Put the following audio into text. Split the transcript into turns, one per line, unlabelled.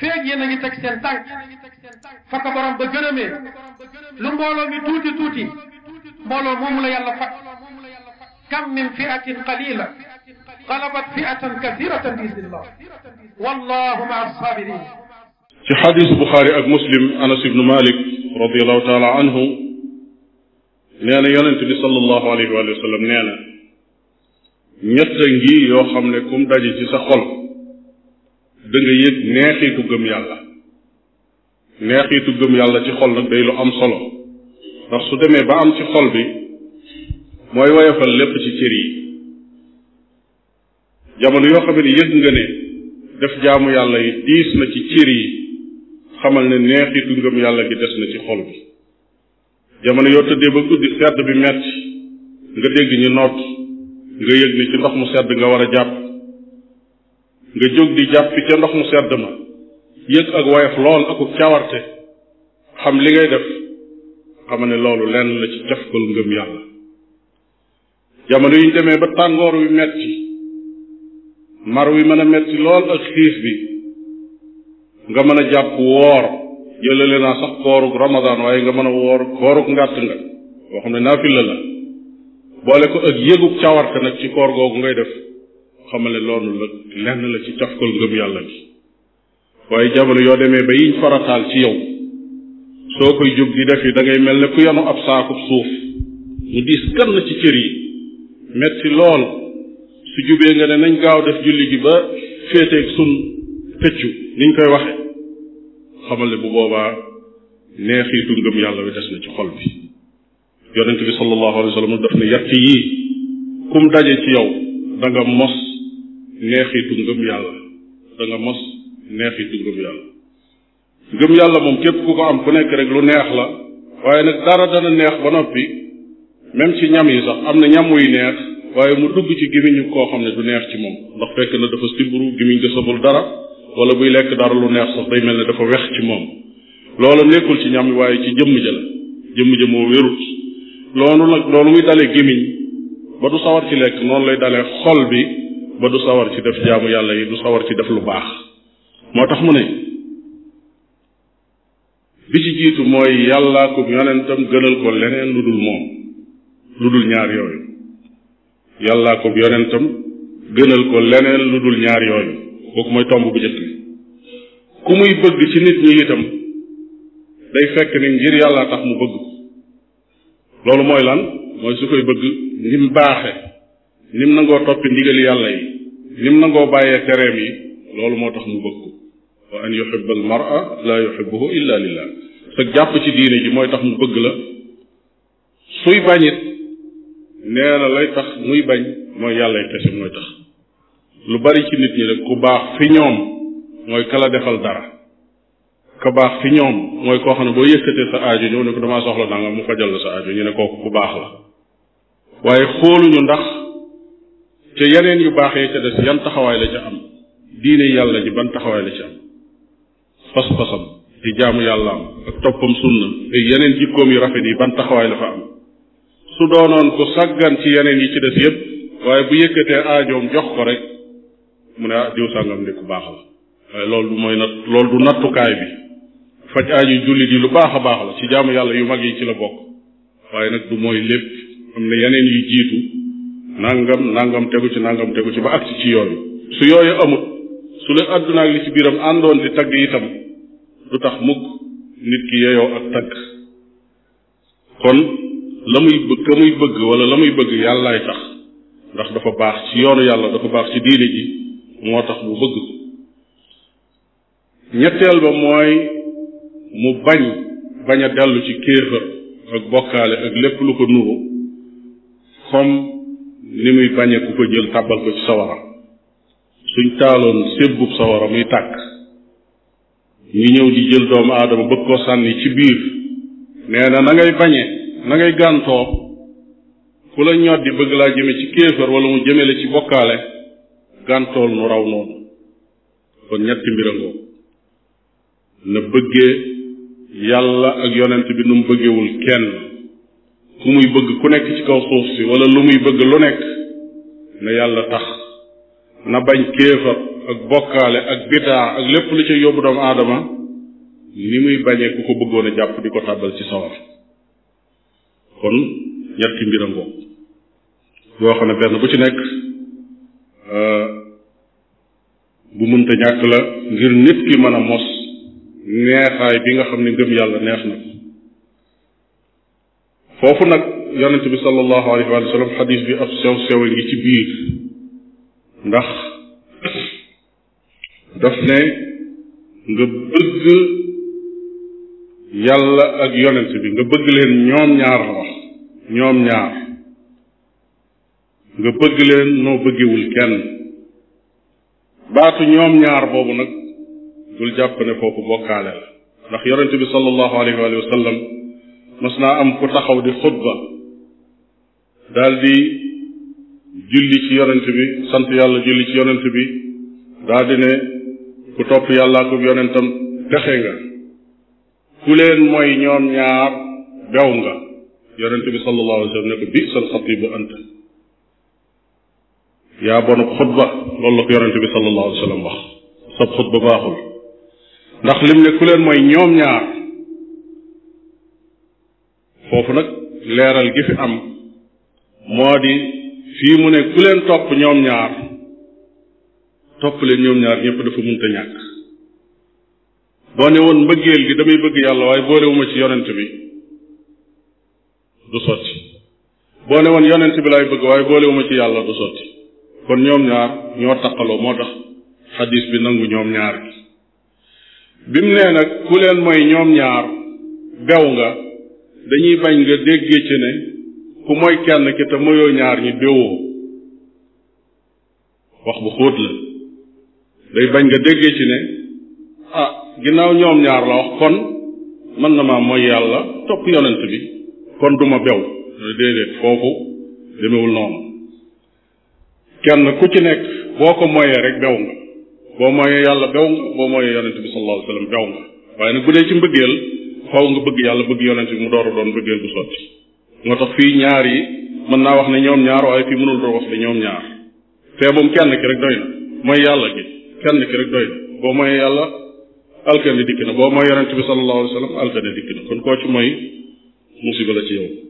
feeg yéen a ngi teg seen tànk fa ko borom ba gërëmee lu mbooloo mi tuuti tuuti mbooloo moomu la yàlla fat kam min fiatin qalila galabat fiatan kasiratan bi idnillah wallahu maa asabirin ci xadis buxaari ak muslim anas ibnu malik radiallahu taala anhu nee na yonente bi sallallahu alayhi wa sallam nee na ñett ngi yoo xam ne kum daje ci sa xol da nga yëg neexitu gëm yàlla neexitu gëm yàlla ci xol nag day lu am solo ndax su demee ba am ci xol bi mooy woyofal lépp ci cër yi jamono yoo xam ne yëg nga ne def jaamu yàlla yi diis na ci cër yi xamal ne neexitu ngëm yàlla gi des na ci xol bi jamono yoo tëddee ba guddi sedd bi metti nga dégg ñu noot nga yëg ni ci ndox mu sedd nga war a jàpp nga jóg di jàpp ca ndox mu sedd ma yëg ak woyof lool aku cawarte xam li ngay def xam ne loolu lenn la ci cafkal ngëm yàlla jamono yi ñu demee ba tàngoor wi metti mar wi mën a metti lool ak xiif bi nga mën a jàpp woor jëlale naa sax koorug ramadan waaye nga mën a woor koorug ngàtt nga boo xam ne naafila la boole ko ak yëgug cawarte nag ci koor googu ngay def xamale loolu la lenn la ci cafkal ngëm yàlla gi waaye jamono yoo demee ba yiñ farataal ci yow soo koy jóg di def yi da mel ne ku yanu ab saakub suuf mu diis gann ci cër yi metti lool su jubee nga ne nañ gaaw def julli gi ba féeteeg sun tëccu niñ koy waxe xamale bu boobaa neexiitu ngëm yàlla wi des na ci xol bi yonent bi sallallahu alayhi wa sallam ne yàq yii kum daje ci yow da nga mos neexitu ngëm yàlla da neex mos neexitu ngëm yàlla ngëm yàlla moom képp ku ko am ku nekk rek lu neex la waaye nag dara dana neex ba noppi même ci ñam yi sax am na ñam wuy neex waaye mu dugg ci gémmiñu koo xam ne du neex ci moom ndax fekk na dafa simburu gémmiñ desabul dara wala buy lekk dara lu neex sax day mel ne dafa wex ci moom loola nekkul ci ñam waaye ci jëmm ja jëmm ja moo wérut loolu nag loolu muy dalee gémmiñ ba du sawar ci lekk noonu lay dalee xol bi ba du sawar ci def jaamu yàlla yi du sawar ci def lu baax moo tax mu ne bi ci jiitu mooy yàllaa ko yonentam gënal ko leneen lu dul moom ñaar yooyu yàllaa ko yonentam ko leneen lu dul ñaar yooyu mooy tomb bu njëkk ku muy bëgg ci nit ñi itam day fekk ni ngir yàllaa tax mu bëgg loolu mooy lan mooy su koy bëgg ni baaxe nim nangoo toppi ndigali yàlla yi nim nangoo bàyyee tereem yi loolu moo tax mu bëgg ko wa an yuhibba al mar'a la yuhibbuhu illa lillah sa jàpp ci diine ji mooy tax mu bëgg la suy bañit nee na lay tax muy bañ mooy yàlla kese mooy tax lu bari ci nit ñi rek ku baax fi ñoom mooy kala defal dara ka baax fi ñoom mooy koo xam ne boo yëkkatee sa aajo ñëw ne ko damaa soxla nanga mu fajal la sa aajo ñu ne kooku ku baax la waaye xooluñu ndax ca yeneen yu baaxee ca des yan taxawaay la ca am diine yàlla ji ban taxawaay la ca am pas-pasam di jaamu yàlla am ak toppam sunna ay yeneen jikkoom yu rafet yi ban taxawaay la fa am su doonoon ku sàggan ci yeneen yi ci des yépp waaye bu yëkkatee aajoom jox ko rek mu ne ah diw sàngam de baax la waaye loolu mooy nat loolu du nattukaay bi faj aajo jullit yi lu baax a baax la ci jaamu yàlla yu mag yi ci la bokk waaye nag du mooy lépp am na yeneen yu nangam nangam tegu ci nangam tegu ci ba agsi ci yooyu su yooyu amut su la àdduna li ci biiram àndoon di tagg itam lu tax mukk nit ki yeyoo ak tagg kon la muy bëgg ka muy bëgg wala la muy bëgg yàllaay tax ndax dafa baax ci yoonu yàlla dafa baax ci diine ji moo tax mu bëgg ko ñetteel ba mooy mu bañ baña a dellu ci kéefër ak bokkaale ak lépp lu ko nuru comme ni muy bañe ku ko jël tàbbal ko ci sawara suñ taaloon sébbub sawara muy tàkk ñu ñëw di jël doomu aadama bëgg koo sànni ci biir nee na na ngay bañe na ngay gàntoo ku la ñoot bëgg laa jëme ci kéefër wala mu jëme la ci bokkaale gàntool nu raw noonu kon ñetti mbirangoo na bëggee yàlla ak yonent bi nu mu bëggewul kenn ku muy bëgg ku nekk ci kaw suuf si wala lu muy bëgg lu nekk na yàlla tax na bañ kéefar ak bokkaale ak bidaa ak lépp lu ci yóbbu doomu aadama ni muy bañee ku ko bëggoon jàpp di ko tàbbal ci sawar kon ñetti mbiram bokk yoo xam ne benn bu ci nekk euh, bu mënta ñàkk la ngir nit ki mën a mos neexaay bi nga xam ne ngëm yàlla neex na foofu nag yonent bi sallallahu alayhi wa sallam xadis bi ab sew sewal gi ci biir ndax daf ne nga bëgg yàlla ak yonent bi nga bëgg leen ñoom ñaar la ñoom ñaar nga bëgg leen noo bëggewul kenn baatu ñoom ñaar boobu nag bul jàpp ne foofu bokkaale la ndax yonent bi sallallahu alayhi wa mas naa am ku taxaw di xutba daal di julli ci yonent bi sant yàlla julli ci yonent bi daal ne ku topp yàllaa ko yonentam texe nga ku leen mooy ñoom ñaar bew nga yonent bi sallallahu wa sallam ne ko bi sal xatibu ant yaa bonub xutba loolu ko yonent bi sallallahu wa sallam wax sab xutba baaxul ndax lim ne ku leen mooy ñoom ñaar foofu nag leeral gi fi am moo di fii mu ne ku leen topp ñoom ñaar topp leen ñoom ñaar ñëpp dafa munta ñàkk boo ne woon mbëggeel gi damay bëgg yàlla waaye boolewuma ci yonent bi du sotti boo ne woon yonent bi laay bëgg waaye boolewuma ci yàlla du sotti kon ñoom ñaar ñoo taqaloo moo tax xadis bi nangu ñoom ñaar bi mu nee nag ku leen mooy ñoom ñaar bew nga dañuy bañ nga déggee ci ne ku mooy kenn ki te moyoo ñaar ñi déwoo wax bu xóot la day bañ nga déggee ci ne ah ginnaaw ñoom ñaar la wax kon mën na maa mooy yàlla topp yonent bi kon duma bew déedéet foofu demewul noonu kenn ku ci nekk boo ko moyee rek bew nga boo moyee yàlla bew nga boo moyee yonent bi sallallahu alayhi bew nga waaye nag bu ci mbëggeel faw nga bëgg yàlla bëgg yonent bi mu door a doon bëggeel bu sotti moo tax fii ñaar yi mën naa wax ne ñoom ñaar waaye fii mënul doo wax ne ñoom ñaar fee moom kenn ki rek doy na mooy yàlla gi kenn ki rek doy na boo mooy yàlla alkane dikk na boo mooy yonent bi sallallahu alayhi wa sallam alkane dikk na kon koo ci mooy musiba la ci yow